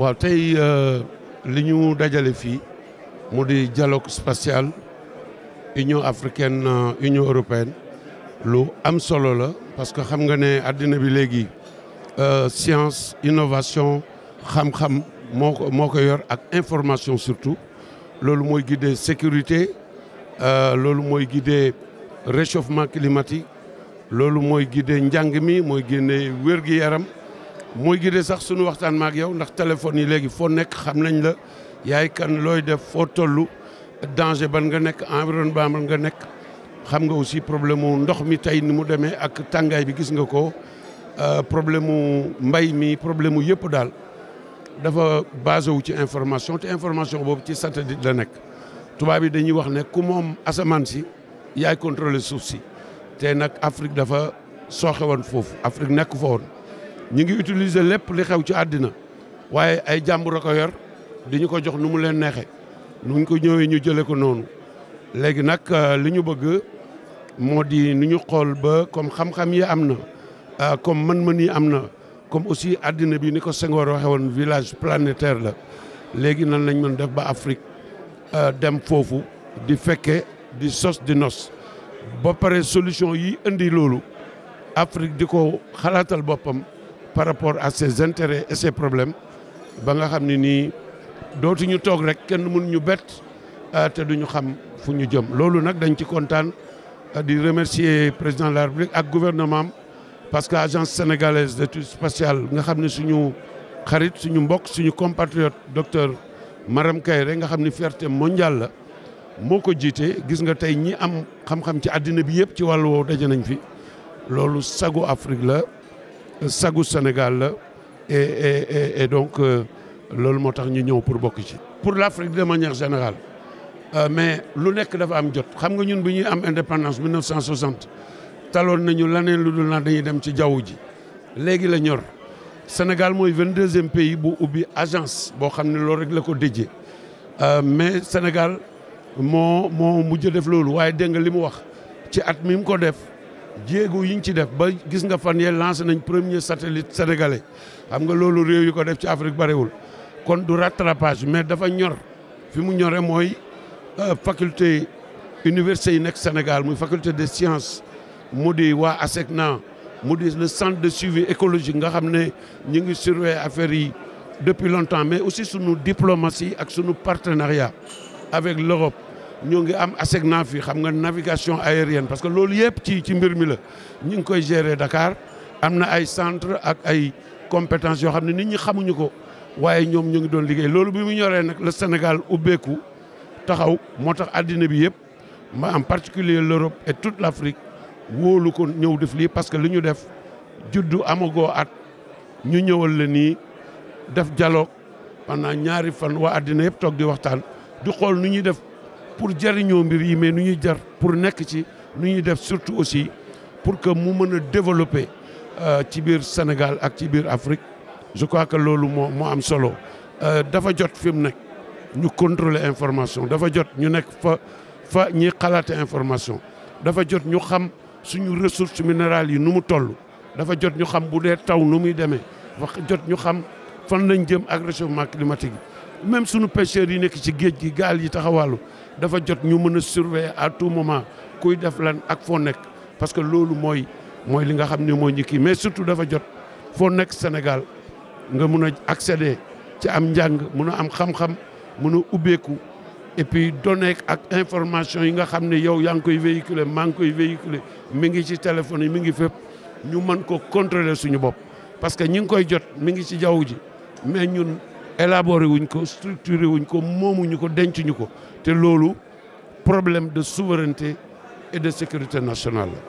waaw tey euh, li ñu dajale fii mu di dialogue spatial afriken africaine euh, union européenne lu am solo la parce que xam nga ne àddina bi léegi euh, science innovation xam-xam moo ko moo ko yor ak information surtout loolu mooy guider sécurité loolu mooy guider réchauffement climatique loolu mooy guider njàng mi mooy génne wér-gi-yaram mooy gide sax suñu waxtaan maak yow ndax téléphone yi léegi foo nekk xam nañ la yaay kan looy def foo tollu danger ban nga nekk environnement ban nga nekk xam nga aussi problème mu ndox mi tey ni mu demee ak tàngaay bi gis nga ko euh, problème mu mbay mi problème mu yëpp daal dafa basé wu ci information te information boobu ci satellite la nekk tubaab yi dañuy wax ne ku moom asamaan si yaay contrôler suuf si te nag Afrique dafa sooxe foofu Afrique nekk fa woon ñu ngi utiliser lépp li xew ci àddina waaye ay jàmbur ko yor di ñu ko jox nu mu leen neexe nu ñu ko ñëwee ñu jëlee ko noonu léegi nag euh, li ñu bëgg moo di nu ñu xool ba comme xam-xam yi am na euh, comme man ma nii am na comme aussi àddina bi ni ko sengoor waxe woon village planétaire la léegi nan lañ mën def ba Afrique euh, dem foofu di fekke di sos di nos ba pare solution yi indi loolu Afrique di ko xalaatal boppam par rapport à ses intérêts et ses problèmes ba nga xam ne nii dootuñu toog rek kenn mun ñu bett ah, te du ñu xam fu ñu jëm loolu nag dañ ci kontaan ah, di remercier président de la République ak gouvernement parce que agence sénégalaise d'études spatiales nga xam ne suñu xarit suñu mbokk suñu compatriote docteur Maram Kairé nga xam ni fierté mondiale la moo ko jiite gis nga tey ñii am xam-xam ci àddina bi yëpp ci wàllu woowu daje nañ fi loolu sagu Afrique la sagu Sénégal la e et et donc euh, loolu moo tax ñu ñëw pour bokk ci. pour l'Afrique de manière générale euh, mais lu nekk dafa am jot xam nga ñun bi ñuy am indépendance 1960 taloon nañu laneen lu dul naa dañuy dem ci jaww ji léegi la ñor Sénégal mooy 22e pays bu ubbi agence boo xam ne loolu rek la ko déjee euh, mais Sénégal moo moo mujj def loolu waaye dégg li mu wax ci at mi mu ko def. jéego yi ñu ci def ba gis nga fan yee lancé nañ premier satellite sénégalais xam nga loolu réew yi ko def ci Afrique barewul kon du rattrapage mais dafa ñor fi mu ñore mooy euh, faculté université yi nekk Sénégal muy faculté des sciences mu di waa ASECNA mu di le centre de suivi écologie nga xam ne ñu ngi surveiller affaires yi depuis longtemps mais aussi sunu diplomatie ak sunu partenariat avec l'Europe ñoo ngi am ASECNA fi xam nga navigation aérienne parce que loolu yëpp ci ci mbir mi la ñu ngi koy gérer dakaar am na ay centre ak ay compétence yoo xam ne ni ñi xamuñu ko waaye ñoom ñu ngi doon liggéey loolu bi mu ñoree nag le Sénégal ubbeeku taxaw moo tax àddina bi yëpp ma en particulier l'Europe et toute l'Afrique wóolu ko ñëw def lii parce que li ñu def juddu amagoo at ñu ñëwal la nii def dialogue pendant ñaari fan waa àddina yëpp toog di waxtaan di xool nu ñuy def pour jariñoo mbir yi mais nu ñuy jar pour nekk ci nu ñuy def surtout aussi pour que mu mën a développer euh, ci biir Sénégal ak ci biir Afrique je crois que loolu moo moo am solo euh, dafa jot fi mu nekk ñu contrôler information dafa jot ñu nekk fa fa ñuy xalaate information dafa jot ñu xam suñu ressources minérales yi nu mu toll dafa jot ñu xam bu dee taw nu muy demee dafa jot ñu xam fan lañ jëm ak réchauffement climatique même sunu pêcheurs yi nekk ci géej gi gaal yi taxawàllu dafa jot ñu mën a surveiller à tout moment kuy def lan ak foo nekk parce que loolu mooy mooy li nga xam ni mooy ñu kii mais surtout dafa jot foo nekk Sénégal nga mun a accéder ci am njàng mun a am xam-xam mun a ubbeeku et puis ak information yi nga xam ne yow yaa ngi koy véhiculer maa ngi koy véhiculer mi ngi ci téléphone yi mi ngi fépp ñu mën ko contrôler suñu bopp parce que ñi ngi koy jot mi ngi ci jaww ji mais élaboré wuñ ko structuré wuñ ko moomuñu ko dencuñu ko te loolu problème de souveraineté et de sécurité nationale la